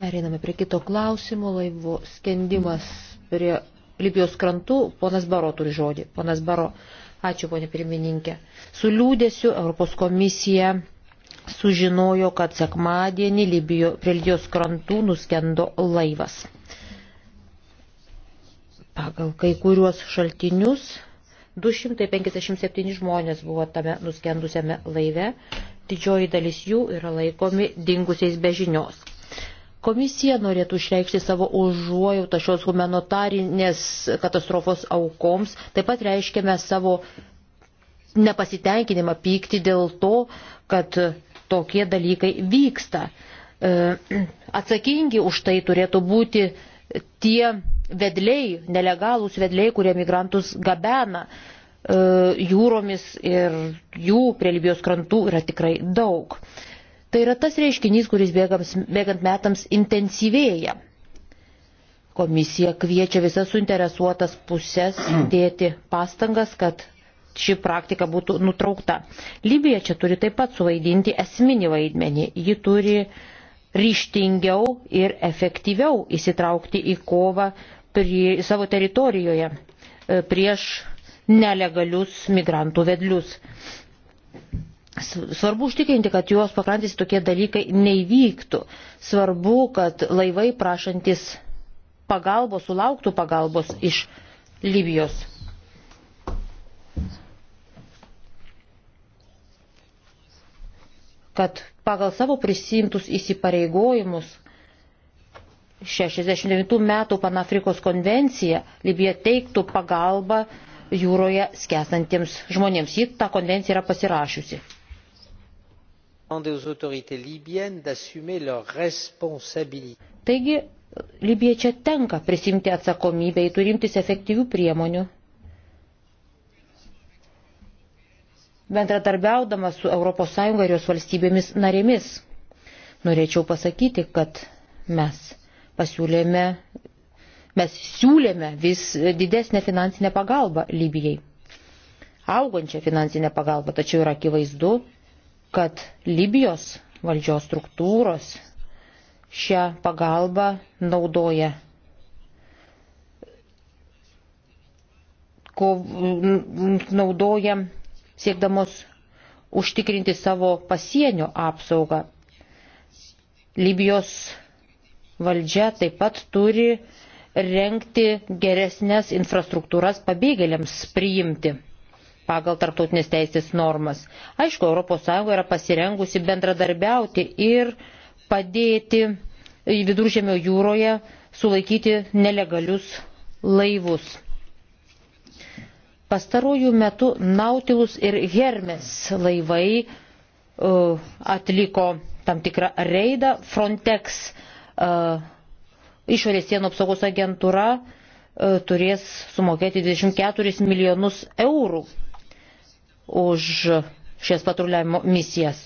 Pereiname prie kito klausimo, laivo skendimas prie Libijos krantų. Ponas Baro turi žodį. Ponas Baro, ačiū ponė pirmininkė. Su liūdėsiu Europos komisija sužinojo, kad sekmadienį Libijo, prie Libijos krantų nuskendo laivas. Pagal kai kuriuos šaltinius 257 žmonės buvo tame nuskendusiame laive didžioji dalis jų yra laikomi dingusiais be žinios. Komisija norėtų išreikšti savo užuojautą šios humanitarinės katastrofos aukoms, taip pat reiškėme savo nepasitenkinimą pykti dėl to, kad tokie dalykai vyksta. E, atsakingi už tai turėtų būti tie vedliai, nelegalūs vedliai, kurie migrantus gabena E, jūromis ir jų prie Libijos krantų yra tikrai daug. Tai yra tas reiškinys, kuris bėgams, bėgant metams intensyvėja. Komisija kviečia visas suinteresuotas pusės dėti pastangas, kad ši praktika būtų nutraukta. Libija čia turi taip pat suvaidinti esminį vaidmenį. Ji turi ryštingiau ir efektyviau įsitraukti į kovą prie, savo teritorijoje e, prieš nelegalius migrantų vedlius. Svarbu užtikrinti, kad juos pakrantys tokie dalykai neįvyktų. Svarbu, kad laivai prašantis pagalbos sulauktų pagalbos iš Libijos. Kad pagal savo prisimtus įsipareigojimus 69 metų Panafrikos konvencija Libija teiktų pagalbą jūroje skęstantiems žmonėms. Ji tą konvenciją yra pasirašiusi. Taigi, Libija čia tenka prisimti atsakomybę, turimtis efektyvių priemonių. Bendradarbiaudama su ES ir jos valstybėmis narėmis, norėčiau pasakyti, kad mes pasiūlėme Mes siūlėme vis didesnę finansinę pagalbą Libijai, augančią finansinę pagalbą, tačiau yra akivaizdu, kad Libijos valdžios struktūros šią pagalbą naudoja ko naudoja siekdamos užtikrinti savo pasienio apsaugą. Libijos valdžia taip pat turi renkti geresnės infrastruktūras pabėgėliams priimti pagal tarptautinės teisės normas. Aišku, ES yra pasirengusi bendradarbiauti ir padėti viduržėmio jūroje sulaikyti nelegalius laivus. Pastarojų metų Nautilus ir Hermes laivai uh, atliko tam tikrą reidą Frontex uh, Išorės sienų apsaugos agentūra e, turės sumokėti 24 milijonus eurų už šias patruliavimo misijas.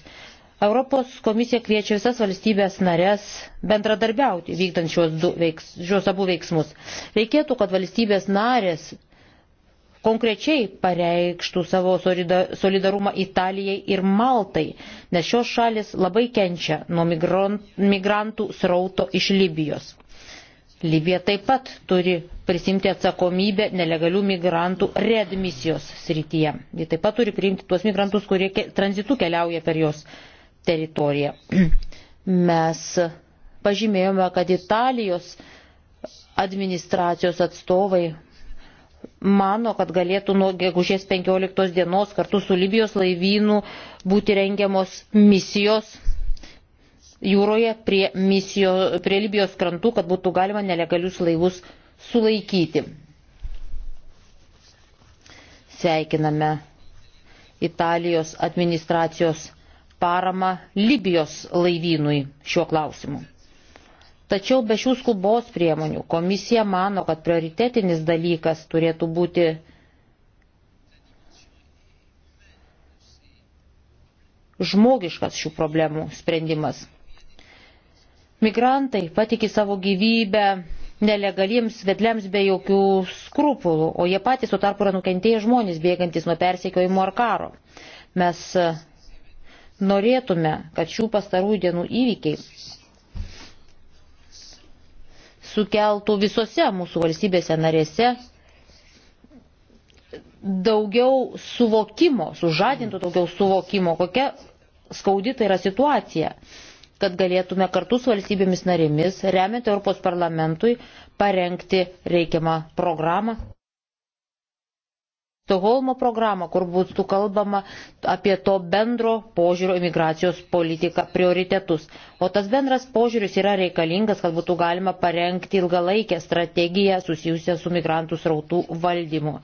Europos komisija kviečia visas valstybės narės bendradarbiauti vykdant šios, du, veiks, šios abu veiksmus. Reikėtų, kad valstybės narės konkrečiai pareikštų savo solidarumą Italijai ir Maltai, nes šios šalis labai kenčia nuo migrantų srauto iš Libijos. Libija taip pat turi prisimti atsakomybę nelegalių migrantų readmisijos srityje. Ji taip pat turi priimti tuos migrantus, kurie tranzitu keliauja per jos teritoriją. Mes pažymėjome, kad Italijos administracijos atstovai mano, kad galėtų nuo gegužės 15 dienos kartu su Libijos laivynu būti rengiamos misijos jūroje prie, misijo, prie Libijos krantų, kad būtų galima nelegalius laivus sulaikyti. Sveikiname Italijos administracijos paramą Libijos laivynui šiuo klausimu. Tačiau be šių skubos priemonių komisija mano, kad prioritetinis dalykas turėtų būti žmogiškas šių problemų sprendimas. Migrantai patikė savo gyvybę nelegaliems vedliams be jokių skrupulų, o jie patys tuo tarpu yra nukentėję žmonės bėgantis nuo persekiojimo ar karo. Mes e, norėtume, kad šių pastarų dienų įvykiai sukeltų visose mūsų valstybėse narėse daugiau suvokimo, sužadintų daugiau suvokimo, kokia skaudi tai yra situacija kad galėtume kartu su valstybėmis narėmis, remiant Europos parlamentui, parengti reikiamą programą. Stoholmo programą, kur būtų kalbama apie to bendro požiūrio imigracijos politiką prioritetus. O tas bendras požiūris yra reikalingas, kad būtų galima parengti ilgalaikę strategiją susijusią su migrantų srautų valdymu.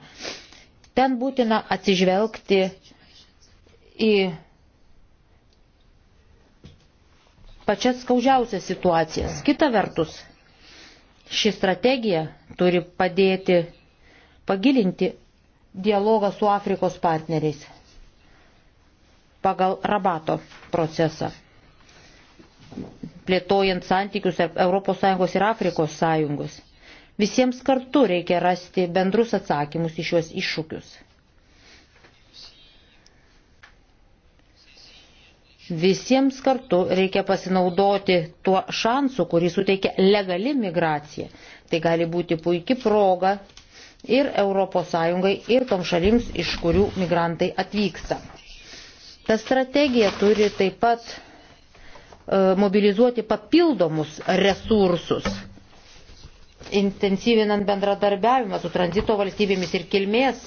Ten būtina atsižvelgti į pačias skaužiausias situacijas. Kita vertus, ši strategija turi padėti pagilinti dialogą su Afrikos partneriais pagal rabato procesą, plėtojant santykius tarp ES ir Afrikos sąjungos. Visiems kartu reikia rasti bendrus atsakymus į šiuos iššūkius. Visiems kartu reikia pasinaudoti tuo šansu, kurį suteikia legali migracija. Tai gali būti puikia proga ir ES, ir tom šalims, iš kurių migrantai atvyksta. Ta strategija turi taip pat e, mobilizuoti papildomus resursus, intensyvinant bendradarbiavimą su tranzito valstybėmis ir kilmės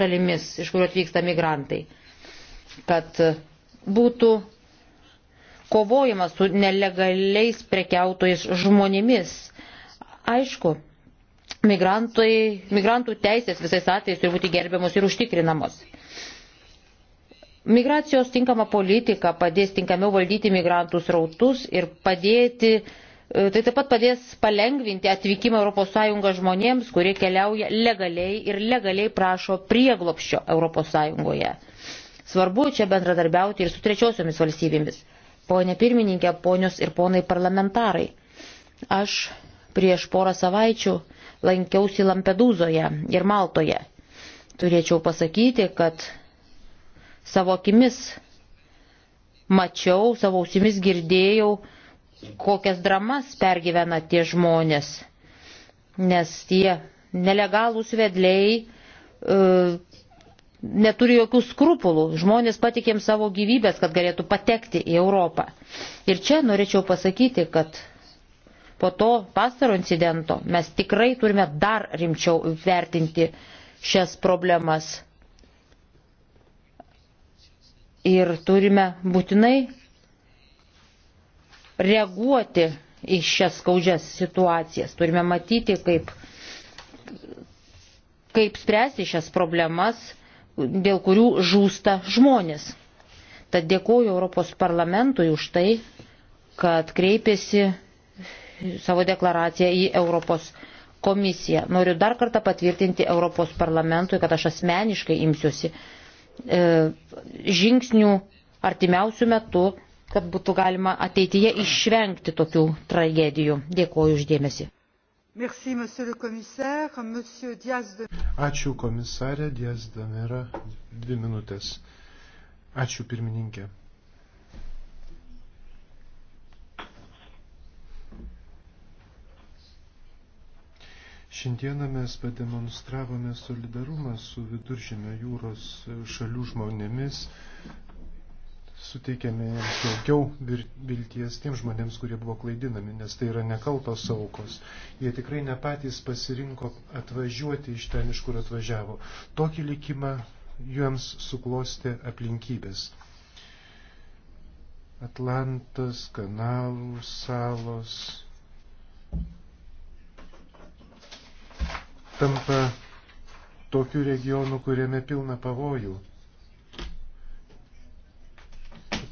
šalimis, iš kurių atvyksta migrantai, kad būtų kovojama su nelegaliais prekiautojais žmonėmis. Aišku, migrantų teisės visais atvejais turi būti gerbiamos ir užtikrinamos. Migracijos tinkama politika padės tinkamiau valdyti migrantų srautus ir padėti, e, tai taip pat padės palengvinti atvykimą ES žmonėms, kurie keliauja legaliai ir legaliai prašo prieglopščio ES. Svarbu čia bendradarbiauti ir su trečiosiomis valstybėmis. Pone pirmininkė, ponios ir ponai parlamentarai, aš prieš porą savaičių lankiausi Lampedūzoje ir Maltoje. Turėčiau pasakyti, kad savo akimis mačiau, savo ausimis girdėjau, kokias dramas pergyvena tie žmonės, nes tie nelegalūs vedliai e, neturi jokių skrupulų. Žmonės patikėm savo gyvybės, kad galėtų patekti į Europą. Ir čia norėčiau pasakyti, kad po to pastaro incidento mes tikrai turime dar rimčiau vertinti šias problemas. Ir turime būtinai reaguoti į šias skaudžias situacijas. Turime matyti, kaip, kaip spręsti šias problemas dėl kurių žūsta žmonės. Tad dėkoju Europos parlamentui už tai, kad kreipėsi savo deklaraciją į Europos komisiją. Noriu dar kartą patvirtinti Europos parlamentui, kad aš asmeniškai imsiuosi e, žingsnių artimiausių metų, kad būtų galima ateityje išvengti tokių tragedijų. Dėkoju uždėmesi. Merci, monsieur le commissaire. Monsieur Diaz de... Ačiū komisarė Diaz Damera. Dvi minutės. Ačiū pirmininkė. Šiandieną mes pademonstravome solidarumą su viduržėmio jūros šalių žmonėmis, suteikėme jiems daugiau vilties tiems žmonėms, kurie buvo klaidinami, nes tai yra nekaltos aukos. Jie tikrai ne patys pasirinko atvažiuoti iš ten, iš kur atvažiavo. Tokį likimą jiems suklosti aplinkybės. Atlantas, kanalų, salos tampa tokiu regionu, kuriame pilna pavojų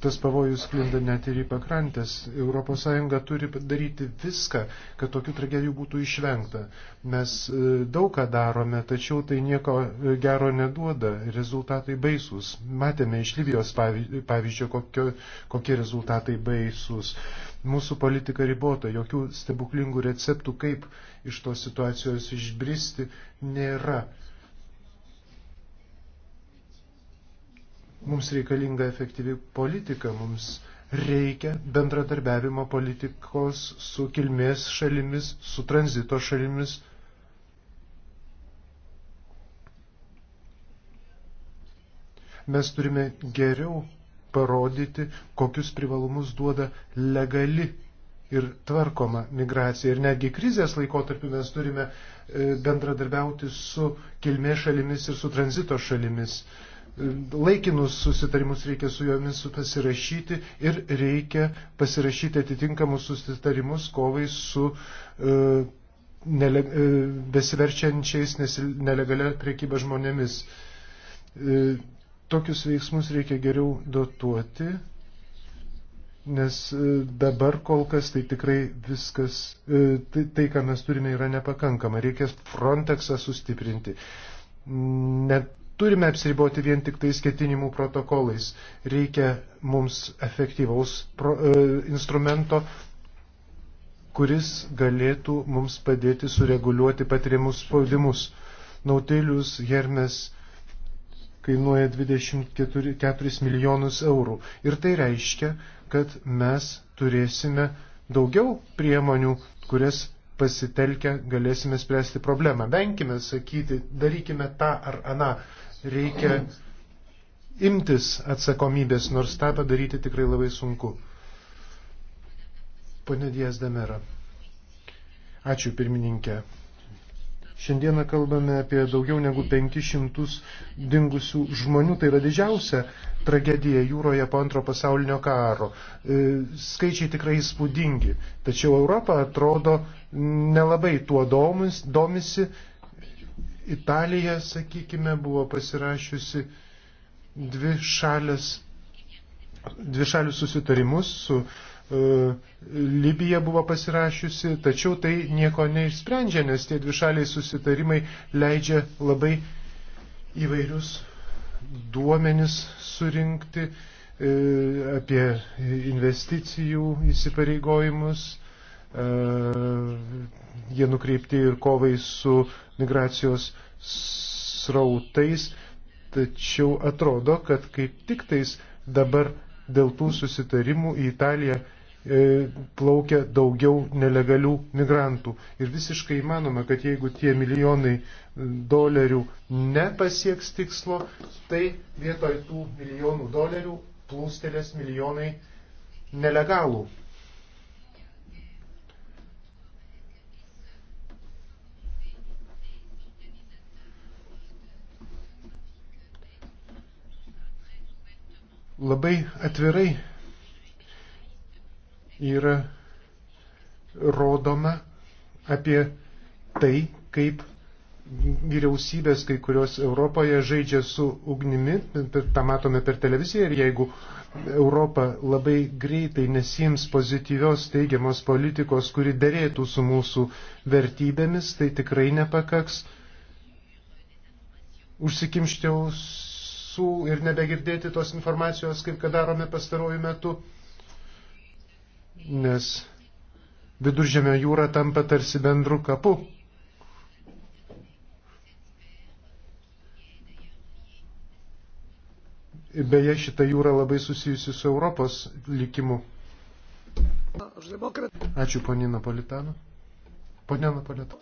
tas pavojus klinda net ir į pakrantės. ES turi daryti viską, kad tokių tragedijų būtų išvengta. Mes e, daug ką darome, tačiau tai nieko e, gero neduoda. Rezultatai baisus. Matėme iš Libijos pavyzdžio, kokio, kokie rezultatai baisus. Mūsų politika ribota, jokių stebuklingų receptų, kaip iš tos situacijos išbristi, nėra. Mums reikalinga efektyvi politika, mums reikia bendradarbiavimo politikos su kilmės šalimis, su tranzito šalimis. Mes turime geriau parodyti, kokius privalumus duoda legali ir tvarkoma migracija. Ir netgi krizės laikotarpiu mes turime e, bendradarbiauti su kilmės šalimis ir su tranzito šalimis laikinus susitarimus reikia su jomis pasirašyti ir reikia pasirašyti atitinkamus susitarimus kovai su e, nele, e, besiverčiančiais nelegalia priekyba žmonėmis. E, tokius veiksmus reikia geriau dotuoti, nes e, dabar kol kas tai tikrai viskas, e, tai, tai ką mes turime, yra nepakankama. Reikės Frontexą sustiprinti. Net turime apsiriboti vien tik tais ketinimų protokolais. Reikia mums efektyvaus pro, e, instrumento, kuris galėtų mums padėti sureguliuoti patiriamus spaudimus. Nautilius Hermes kainuoja 24 milijonus eurų. Ir tai reiškia, kad mes turėsime daugiau priemonių, kurias pasitelkę galėsime spręsti problemą. Venkime sakyti, darykime tą ar aną. Reikia imtis atsakomybės, nors tą padaryti tikrai labai sunku. Pone Dijas Demera. Ačiū pirmininkė. Šiandieną kalbame apie daugiau negu 500 dingusių žmonių. Tai yra didžiausia tragedija jūroje po antro pasaulinio karo. E, skaičiai tikrai įspūdingi. Tačiau Europa atrodo nelabai tuo domis, domisi. Italija, sakykime, buvo pasirašiusi dvi šalės dvišalius susitarimus su E, Libija buvo pasirašiusi, tačiau tai nieko neišsprendžia, nes tie dvišaliai susitarimai leidžia labai įvairius duomenis surinkti e, apie investicijų įsipareigojimus. E, jie nukreipti ir kovai su migracijos srautais, tačiau atrodo, kad kaip tik tais dabar dėl tų susitarimų į Italiją E, plaukia daugiau nelegalių migrantų. Ir visiškai įmanoma, kad jeigu tie milijonai e, dolerių nepasieks tikslo, tai vietoj tų milijonų dolerių plūstelės milijonai nelegalų. Labai atvirai yra rodoma apie tai, kaip vyriausybės kai kurios Europoje žaidžia su ugnimi, tą matome per televiziją ir jeigu Europa labai greitai nesims pozityvios teigiamos politikos, kuri dėrėtų su mūsų vertybėmis, tai tikrai nepakaks užsikimšti ausų ir nebegirdėti tos informacijos, kaip kad darome pastaruoju metu nes viduržėmio jūra tampa tarsi bendru kapu. Beje, šita jūra labai susijusi su Europos likimu. Ačiū, ponė Napolitano. Ponė Napolitano.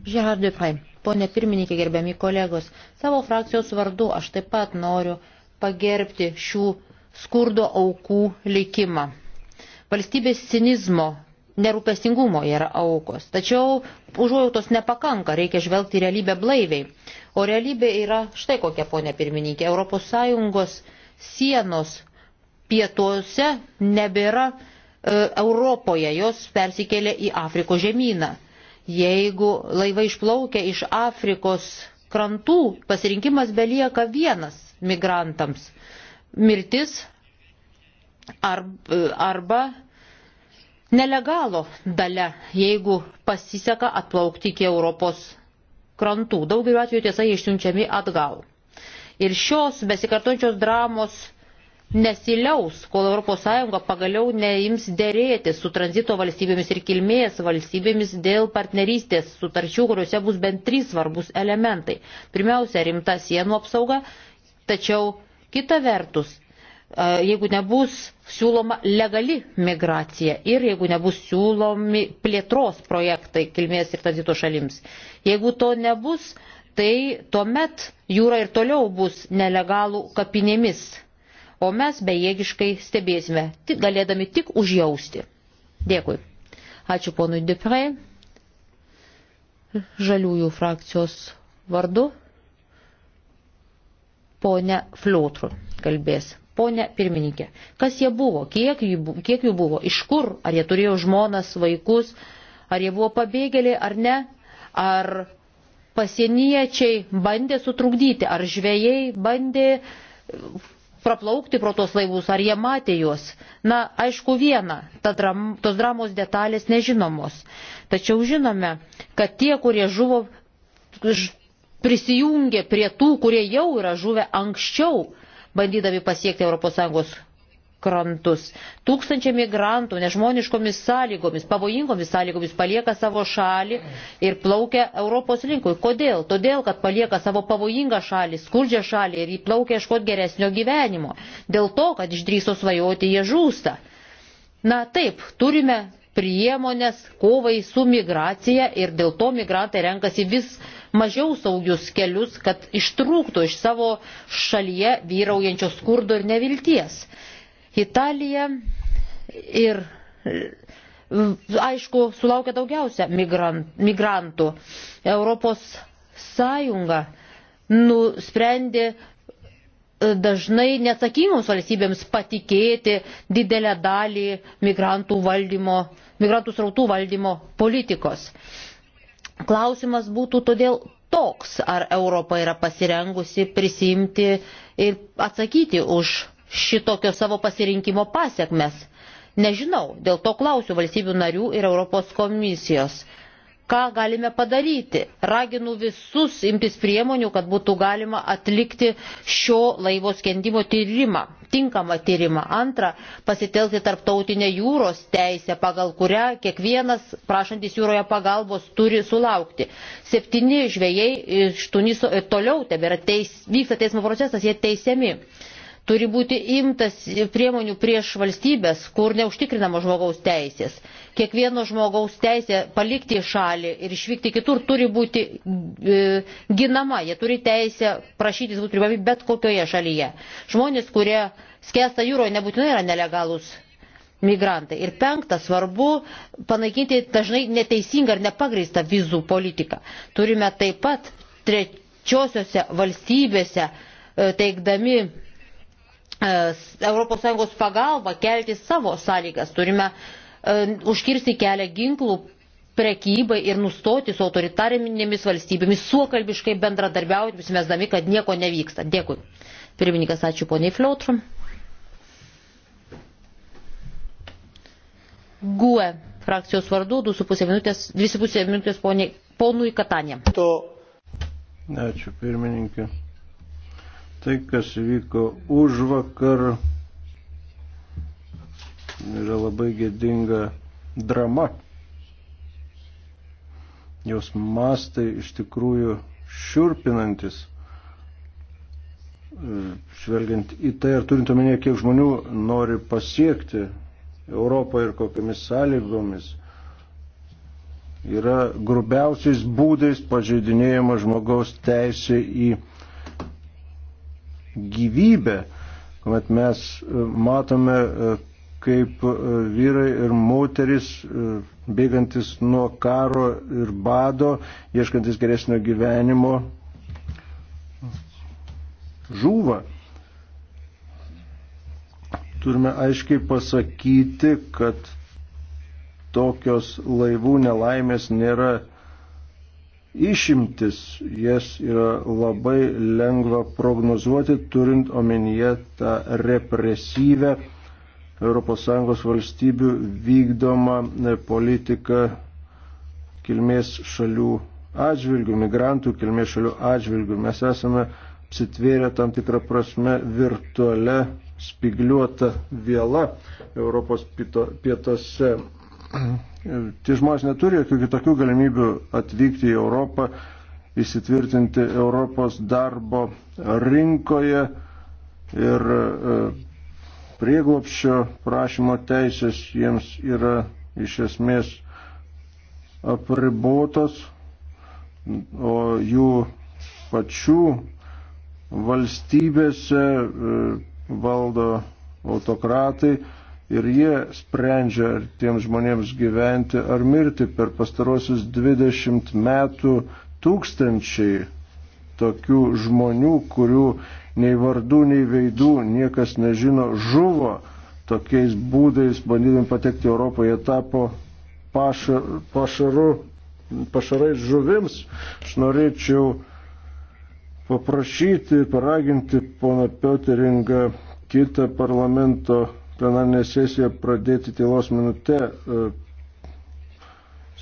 Gerard Dupre, ponė pirmininkė, gerbiami kolegos, savo frakcijos vardu aš taip pat noriu pagerbti šių skurdo aukų likimą. Valstybės cinizmo nerūpestingumo yra aukos. Tačiau užuojautos nepakanka, reikia žvelgti realybę blaiviai. O realybė yra štai kokia, ponė pirmininkė, ES sienos pietuose nebėra e, Europoje, jos persikėlė į Afrikos žemyną. Jeigu laivai išplaukia iš Afrikos krantų, pasirinkimas belieka vienas migrantams mirtis arba nelegalo dalė, jeigu pasiseka atplaukti iki Europos krantų. Daugeliu atveju tiesa jie išsiunčiami atgal. Ir šios besikartončios dramos nesiliaus, kol ES pagaliau neims dėrėti su tranzito valstybėmis ir kilmės valstybėmis dėl partnerystės sutarčių, kuriuose bus bent trys svarbus elementai. Pirmiausia, rimta sienų apsauga, tačiau Kita vertus, jeigu nebus siūloma legali migracija ir jeigu nebus siūlomi plėtros projektai kilmės ir tranzito šalims, jeigu to nebus, tai tuomet jūra ir toliau bus nelegalų kapinėmis, o mes bejėgiškai stebėsime, tik galėdami tik užjausti. Dėkui. Ačiū ponui Dupre, žaliųjų frakcijos vardu, Pone Fliotru kalbės. Pone pirmininkė, kas jie buvo, kiek jų, kiek jų buvo, iš kur, ar jie turėjo žmonas, vaikus, ar jie buvo pabėgėliai ar ne, ar pasieniečiai bandė sutrukdyti, ar žvėjai bandė uh, praplaukti pro tos laivus, ar jie matė juos. Na, aišku, viena, ta dram, tos dramos detalės nežinomos. Tačiau žinome, kad tie, kurie žuvo, prisijungė prie tų, kurie jau yra žuvę anksčiau, bandydami pasiekti ES krantus. Tūkstančiai migrantų nežmoniškomis sąlygomis, pavojingomis sąlygomis palieka savo šalį ir plaukia Europos linkui. Kodėl? Todėl, kad palieka savo pavojingą šalį, skurdžią šalį ir įplaukia iškoti geresnio gyvenimo. Dėl to, kad išdryso svajoti, jie žūsta. Na taip, turime priemonės kovai su migracija ir dėl to migrantai renkasi vis mažiau saugius kelius, kad ištrūktų iš savo šalyje vyraujančio skurdo ir nevilties. Italija ir aišku, sulaukia daugiausia migrantų. Europos Sąjunga nusprendė e, dažnai neatsakingoms valstybėms patikėti didelę dalį migrantų, valdymo, migrantų srautų valdymo politikos. Klausimas būtų todėl toks, ar Europa yra pasirengusi prisimti ir atsakyti už šitokio savo pasirinkimo pasiekmes. Nežinau, dėl to klausiu valstybių narių ir Europos komisijos ką galime padaryti. Raginu visus imtis priemonių, kad būtų galima atlikti šio laivo skendimo tyrimą, tinkamą tyrimą. Antra, pasitelkti tarptautinę jūros teisę, pagal kurią kiekvienas prašantis jūroje pagalbos turi sulaukti. Septyni žvėjai iš Tuniso ir toliau tebėra teis, vyksta teismo procesas, jie teisiami. Turi būti imtas priemonių prieš valstybės, kur neužtikrinama žmogaus teisės. Kiekvieno žmogaus teisė palikti šalį ir išvykti kitur turi būti e, ginama. Jie turi teisę prašytis būti priimami bet kokioje šalyje. Žmonės, kurie skęsta jūroje, nebūtinai yra nelegalus migrantai. Ir penkta, svarbu panaikinti dažnai neteisingą ar nepagrįstą vizų politiką. Turime taip pat trečiosiose valstybėse e, teikdami ES pagalba kelti savo sąlygas. Turime e, užkirsti kelią ginklų prekybai ir nustoti su autoritarinėmis valstybėmis suokalbiškai bendradarbiauti, mesdami, kad nieko nevyksta. Dėkui. Pirmininkas, ačiū poniai Fliotrum. GUE frakcijos vardu 2,5 minutės, 2,5 minutės poniai, ponui Katanė. Ačiū pirmininkė. Tai, kas vyko už vakar, yra labai gėdinga drama. Jos mastai iš tikrųjų šiurpinantis. E, žvelgiant į tai, ar turint omenyje, kiek žmonių nori pasiekti Europą ir kokiamis sąlygomis, yra grubiausiais būdais pažeidinėjama žmogaus teisė į gyvybę, kuomet mes e, matome, e, kaip e, vyrai ir moteris, bėgantis nuo karo ir bado, ieškantis geresnio gyvenimo, žūva. Turime aiškiai pasakyti, kad tokios laivų nelaimės nėra išimtis, jas yra labai lengva prognozuoti, turint omenyje tą represyvę ES valstybių vykdomą e, politiką kilmės šalių atžvilgių, migrantų kilmės šalių atžvilgių. Mes esame apsitvėrę tam tikrą prasme virtualią spigliuotą vėlą Europos pietuose. Tie žmonės neturi jokių kitokių galimybių atvykti į Europą, įsitvirtinti Europos darbo rinkoje ir e, prieglopščio prašymo teisės jiems yra iš esmės apribotos, o jų pačių valstybėse e, valdo autokratai, ir jie sprendžia, ar tiems žmonėms gyventi ar mirti. Per pastarosius 20 metų tūkstančiai tokių žmonių, kurių nei vardų, nei veidų niekas nežino, žuvo tokiais būdais, bandydami patekti Europą, jie tapo paša, pašaru, pašarai žuvims. Aš norėčiau paprašyti, paraginti poną Pioteringą kitą parlamento plenarinę sesiją pradėti tylos minute, e,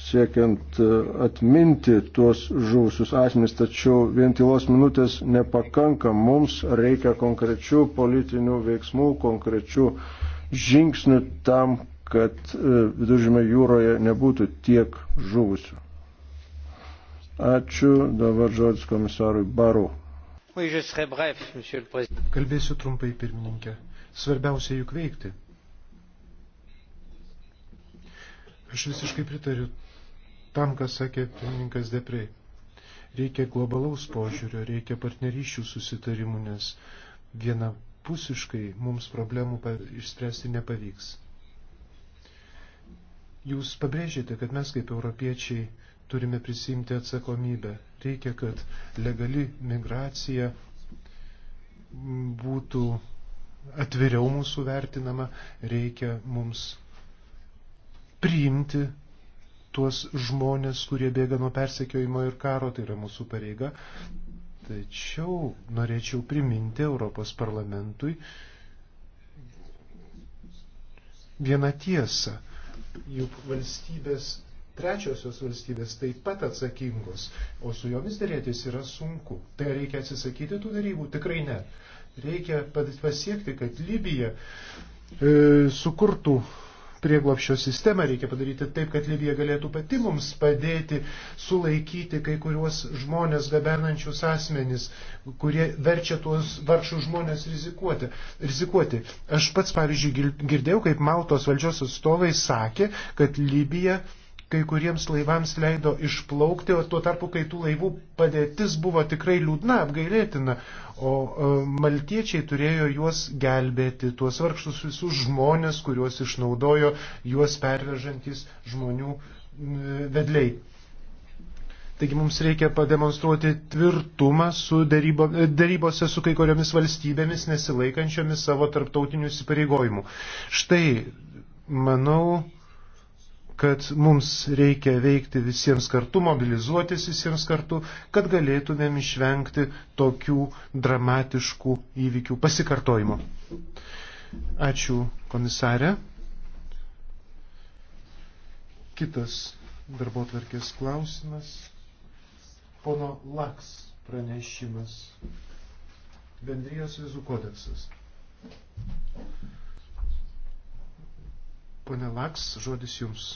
siekiant e, atminti tuos žuvusius asmenys, tačiau vien tylos minutės nepakanka. Mums reikia konkrečių politinių veiksmų, konkrečių žingsnių tam, kad e, viduržymė jūroje nebūtų tiek žuvusių. Ačiū, dabar žodis komisarui Baru. Kalbėsiu trumpai, pirmininkė. Svarbiausia juk veikti. Aš visiškai pritariu tam, ką sakė pirmininkas Deprei. Reikia globalaus požiūrio, reikia partnerysčių susitarimų, nes vienapusiškai mums problemų išspręsti nepavyks. Jūs pabrėžėte, kad mes kaip europiečiai turime prisimti atsakomybę. Reikia, kad legali migracija būtų atviriau mūsų vertinama, reikia mums priimti tuos žmonės, kurie bėga nuo persekiojimo ir karo, tai yra mūsų pareiga. Tačiau norėčiau priminti Europos parlamentui vieną tiesą. Juk valstybės, trečiosios valstybės taip pat atsakingos, o su jomis dėrėtis yra sunku. Tai reikia atsisakyti tų darybų? Tikrai ne. Reikia pasiekti, kad Libija e, sukurtų prieglopščio sistemą, reikia padaryti taip, kad Libija galėtų pati mums padėti sulaikyti kai kuriuos žmonės gabenančius asmenys, kurie verčia tuos vargšus žmonės rizikuoti. rizikuoti. Aš pats, pavyzdžiui, girdėjau, kaip Maltos valdžios atstovai sakė, kad Libija kai kuriems laivams leido išplaukti, o tuo tarpu, kai tų laivų padėtis buvo tikrai liūdna, apgailėtina, o e, maltiečiai turėjo juos gelbėti, tuos vargšus visus žmonės, kuriuos išnaudojo juos pervežantis žmonių vedliai. Taigi mums reikia pademonstruoti tvirtumą su darybo, darybose su kai kuriomis valstybėmis nesilaikančiomis savo tarptautinių įsipareigojimų. Štai, manau, kad mums reikia veikti visiems kartu, mobilizuotis visiems kartu, kad galėtumėm išvengti tokių dramatiškų įvykių pasikartojimo. Ačiū komisarė. Kitas darbo tvarkės klausimas. Pono Laks pranešimas. Bendrijos vizų kodeksas. Pone Laks, žodis jums.